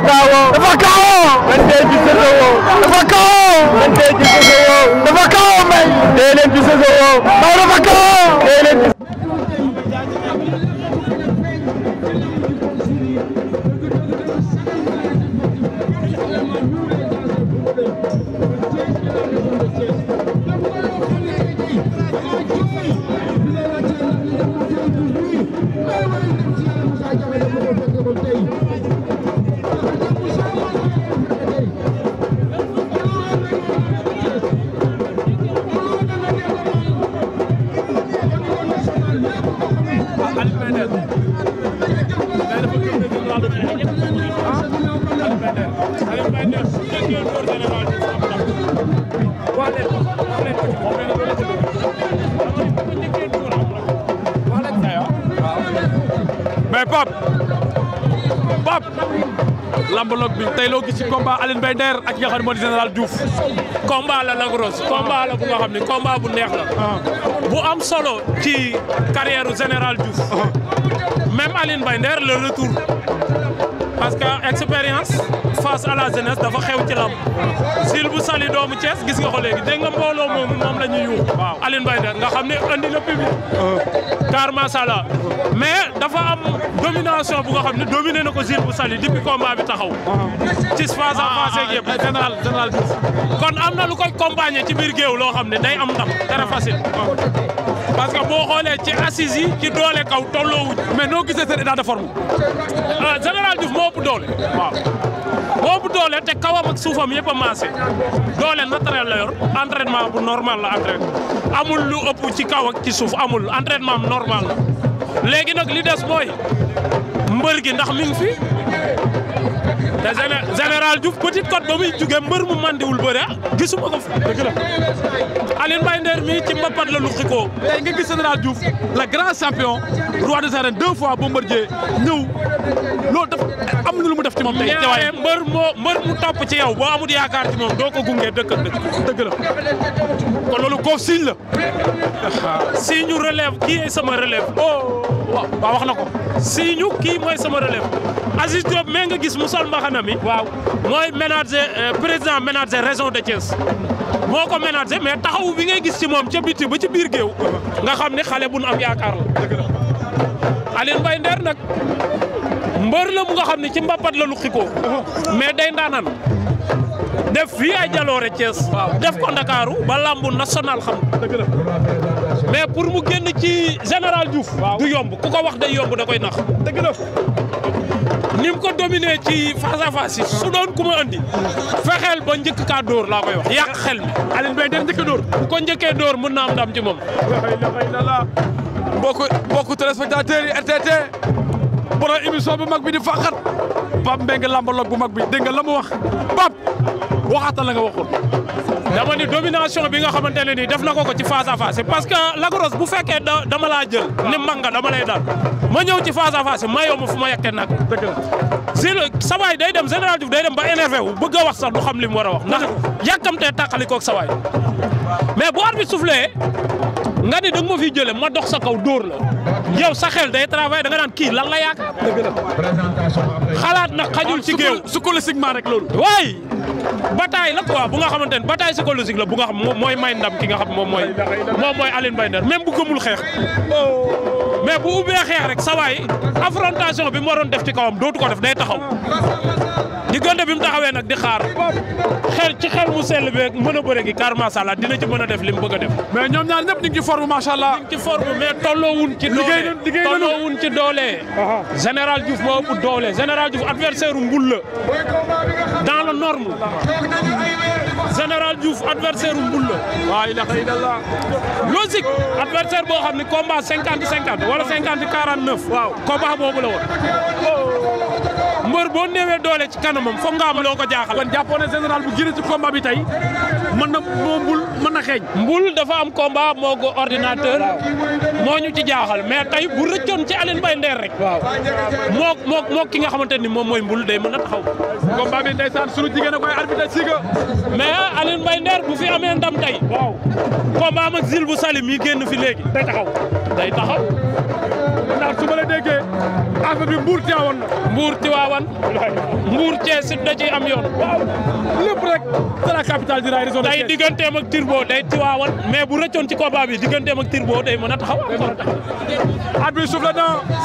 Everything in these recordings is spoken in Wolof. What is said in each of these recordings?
dafa kaawoo. dafa kaawoo. man dee ci Sosowoo. dafa kaawoo. man dee ci Sosowoo. dafa kaawoo may. dee leen ci Sosowoo. lambaloog bi tay lo combat Aline Bayder ak nga général Diouf. combat la langue grosse combat la bu nga xamni combat bu neex la. bu am solo ci carrière général Diouf. même Aline Binder, le retour. parce que expérience face à la jeunesse dafa xew ci lamb sil bu sali doomu ties gis nga ko léegi de nga mbolo mom moom un ñuy Vous nga public. car macha allah mais dafa am domination bu nga xam ne dominé na ko Jules bu Saly depuis combat bi taxaw. Ah. ci face à face ak yëpp ah, ah, général général kon am na lu koy accompagner ci biir géew loo xam ne day am ndam très facile. boo xoolee ci assises yi ci doole kaw tolloowuñ mais noo gisee seen état de forme général Diouf moo boobu doole te kawam ak suufam yëpp a maase doole naturel la yor bu normal la entraînement amul lu ëpp ci kaw ci suuf amul entraînement bu normal la léegi nag li des mooy mbër gi ndax mi ngi fi te général Diouf Petite Côte ba muy jugee mbër mu mandiwul bëre ah, gisuma ko fi dëgg la Nder mii ci mbapat la luqi ko tey nga gis général Diouf le grand champion roi des arènes deux fois Bombardier ñëw loolu dafa am na lu mu def ci moom tey ñaare mbër moo mbër mu topp ci yow boo amul yaakaar ci moom doo ko gunge dëkk dëgg la kon loolu koof signe la signe ñu kii est sama relève oh waaw wax na ko signe ñu kii mooy sama relève Aziz Diop mais nga gis mu sol mbaxana mi waaw mooy ménager euh, président ménager région de Thiès moo ko ménager mais taxaw bi ngay gis ci moom ca biti ba ci biir géew nga xam ni xale bu nu am yaakaar la Alioune Mbaye Nder nag mbër la mu nga xam ne ci mbappat la luqi ko mais day ndaanaan def fii ay jaloore Thiès def ko Ndakaaru ba lambu national xam mais pour mu génn ci général Diouf du yomb ku ko wax day yomb da koy nax dëgg la ni mu ko dominé ci face à su doon ku ma andi fexeel ba njëkk kaa dóor laa koy wax yàq xel mi Alioune Mbaye dem njëkk dóor bu ko njëkkee dóor mën na ndam ci moom mbokku mbokku téléspectateurs borom émission bu mag bi di faqat Pape Mbengue lambaloog bu mag bi dégg nga la mu wax Pape waxaata la nga waxoon. dama ni domination bi nga xamante ne nii def na ko ko ci face à face parce que Lac Rose bu fekkee da dama laa jël ne mag nga dama lay dal ma ñëw ci face à face ma yomb fu ma yegte nag. dëgg la si sawaay day dem général Diouf day dem ba énervé wu bëgg a wax sax du xam li mu war a wax ndax yàkkamtee tàqali koog sawaay mais bu arbitre soufflé nga ni da nga ma jëlee ma dox sa kaw dóor la. yow sa day travail da nga naan kii lan la yaakaar. xalaat na xajul ci géew psychologiquement rek loolu. waay bataille la quoi bu nga xamante ne bataille psychologique la bu nga xam mooy may ndam ki nga xam moom mooy moom mooy Alioune Mbaye Nder même bu gëmul xeex. mais bu ubbee xeex rek sa waay bi mu waroon def ci kawam dootu ko def day taxaw. diggante bi mu taxawee nag di xaar xel ci xel mu sel beeg meuna a bëre gi car macha allah dina ci mën def limu mu bëgg def. mais ñom ñaar ñep ñu ngi ci forme macha allah. ñu ngi ci forme mais tolo wuñ ci doole tolo wuñ ci doole. général Diouf mo ëpp doole général Diouf adversaire mbul la dans la norme. général Diouf adversaire mbul la. wa ilaha illallah. logique adversaire bo xamni combat 50 50 wala 50 49 neuf. waaw combat bobu la won mbër boo néewee doole ci kanamam foog nga am loo ko jaaxal. kon jàppoon na général bu gën ci bi tey mën na moo mbul mën na xeeñ. mbul dafa am combat moo ko ordinateur moo ñu ci jaaxal mais tey bu rëccoon ci alin Mbaye Nder rek. waaw moo moo ki nga xamante ni moom mooy mbul day mën a taxaw. combat bi ndeysaan sunu jigéen a koy arbitre siga mais Alioune Mbaye Nder bu fi amee ndam tey. waaw combat am ak Zil bu sali yi génn fi léegi. day taxaw day taxaw. su ma la déggee affaire bi mbuur Tiwaawan la. mbuur Tiwaawan. mbuur Thiès it da ciy am yoon. waaw lépp rek c'est la capitale du rail. day digganteem ak Turbo day Tiwaawan mais bu rëccoon ci combat bi digganteem ak Turbo day mën a taxaw. at bi suuf la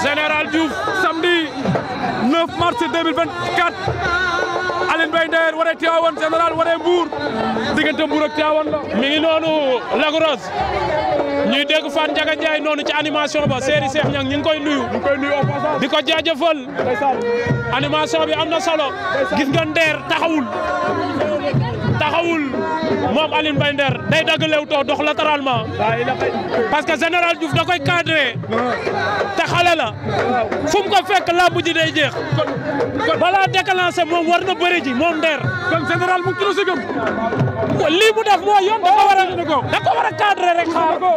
général Diouf samedi 9 mars 2024. Aline Mbaye Nder général waree Mbour diggante Mbour ak Tivaouane la. mi ngi noonu Lagros ñuy dégg Fane Ndiaga Ndiaye noonu ci animation ba Serigne Cheikh Niang ñu ngi koy nuyu. ñu koy nuyu di ko jaajëfal. bi am na solo. gis nga Nder taxawul. taxawul moom Aline Mbaye Nder day dagg Leewtoo dox latéralement. parce que général Diouf da koy cadré. Ah. fu mu ko fekk làmb ji jeex balaa déclenché moom war na bëri ji moom Nder. kon général mu kilo si gëm. lii mu def mooy yoon da ko war a da ko war a cadré rek xaar bu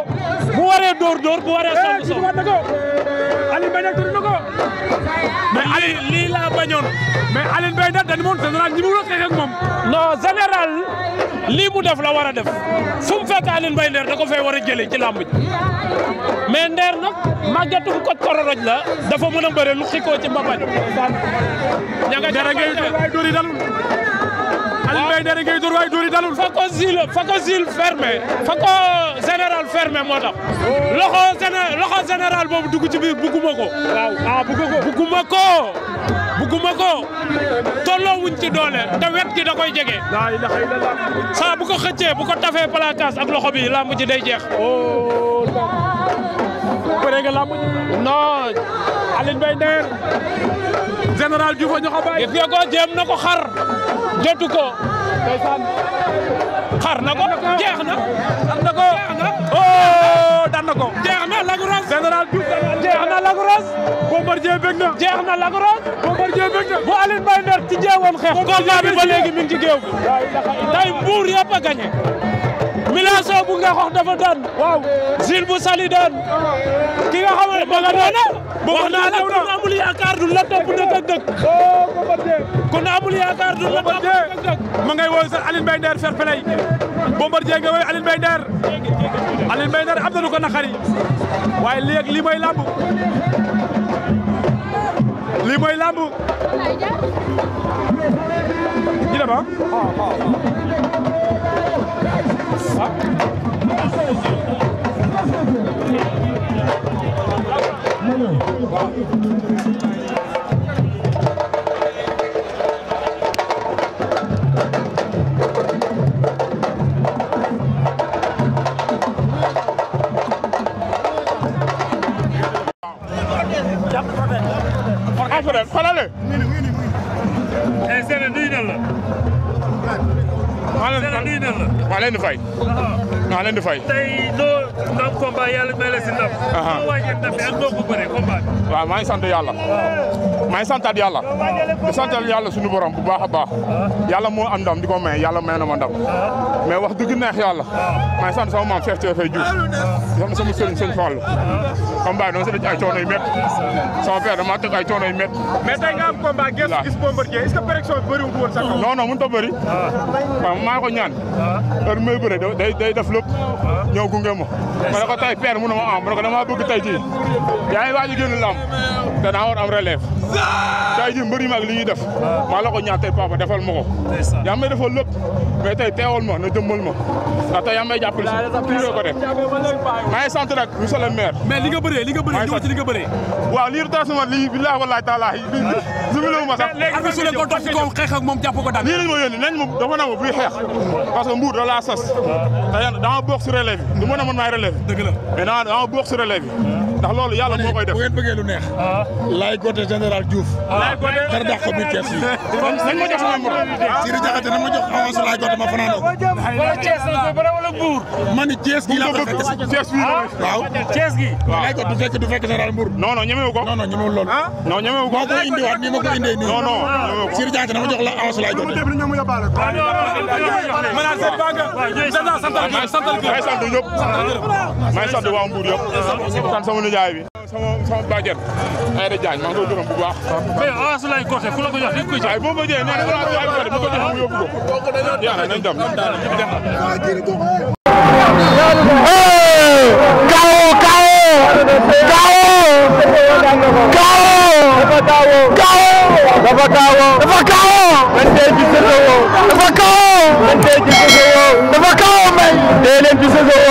waree dóor dóor bu waree. song Ali lii laa bañoon mais Alioune Mbaye nag dañu moom ñi mu war a xeex ak def la war a def fu mu fekk Alioune Mbaye ndeer da ko fay war a jëlee ci làmb ji mais ndeer nag màggatu ko kororoj la dafa mën a bëre lu xikoo ci mbabat. ña nga ca Aïdara ngay dóor waaye dóor fa ko zil fa fa ko général fermé moo tax loxo géné boobu dugg ci biir bugguma ko. waaw ah, ko bugguma ko ci doole te wet gi da koy jege. saa saa xëccee bu tafee placage ak loxo bi làmb ji day jeex. oh léegi làmb ji. ko bàyyi. na ko xar jotu ko. xar na ko jeex na. xar na ko jeex na. oh daan na jeex na Lagros. général Diouf jeex na Lagros. Bombardier bëgg na. jeex na Lagros. Bombardier bëgg na. bu Alioune Mbaye Nder ci jeewoon mi ngi ci géew a dafa daan. waaw bu Sali daan. ki nga xam ne ba nga doon wax naa la ku topp dëkk ak dëkk. ma ngay woowu sax Alioune Mbaye Nder fair play Bombardier nga wooyu Alioune Mbaye Nder Alioune Mbaye Nder am na lu ko naqari waaye léegi lii mooy làmb lii mooy làmb ji dama frère xoolale. eh Sène nuyu na la. maa leen Sène la. Ah. maa leen di fay. maa doo ndax combat yàlla may si ndam. noo waajee waaw maa ngi sant yàlla maa ngi santaat yàlla di santal yàlla suñu borom bu baax a baax yàlla moo am ndam di ko may yàlla may na ma ndam mais wax dëgg neex yàlla maa ngi sant sama maam Cheikh Thioye Faye Diouf di sant sama sëriñ sëñ Fall combat dama si daj ay coono yu métti sama père dama teg ay coono yu métti mais tey nga am combat gëstu gis Bombardier est-ce que pression bëriwul woon sa kaw non non mënut a bëri ah. waaw maa ko ñaan ah. heure may bëri day day def lépp ah. ñëw gunge ma ma ne ko tey père mu ma am ma ne ko damaa bëgg tey jii yaa waaj a génn lam am te daa war am relève tay ji mbëri mag li def maa la ko ñaan tey papa defal ma ko yaa may teewal ma na ma ndax tey yaa may si tuuree ko de maa ngi sant nag monsieur le maire mais li nga bëree li nga bëree ñëw ci li nga bëree waaw lii retaas ma lii billaahi wallaahi taalaa similiwu ma sax arbi su ko topp ko xeex ak moom jàpp ko daan lii lañ ma yónni nañ ma dafa na ma buy xeex parce que mbuur da laa sas te dama bokk si relève bi du ma ndax loolu yàlla moo koy def bu ngeen bëggee lu neex. laay gote général Diouf. laay gote dara dàq ko biir kees yi. kon nañ ma jox numéro. Siri Diakhaté nañ ma jox avance laay gote ma fanaan wala Thiès la wala Mbour. ma ni Thiès gi laa ko fekk si Thiès gi. waaw Thiès gi. waaw laay gote du fekk du fekk général Mbour. non non ñemewu ko. non non ñemewu loolu. non ñemewu ko. moo ko indiwaat nii ma ko indee nii. non non ñemewu ko Siri Diakhaté na ma jox la avance laay gote. maa ngi sant waa Mbour yëpp. sant sama nijaay bi sama sama bàjjen Ayda Diagne maa ngi koy gërëm bu baax mais avance lay côté ku la ko jox di ko jël boo ko jëlee nee na ko ay côté bu ko joxee mu yóbbu ko yàlla nañ dem kawo kawo kawo dafa kawo dafa kawo man tey ci sa dafa kawo man tey ci sa dafa kawo may tey leen ci sa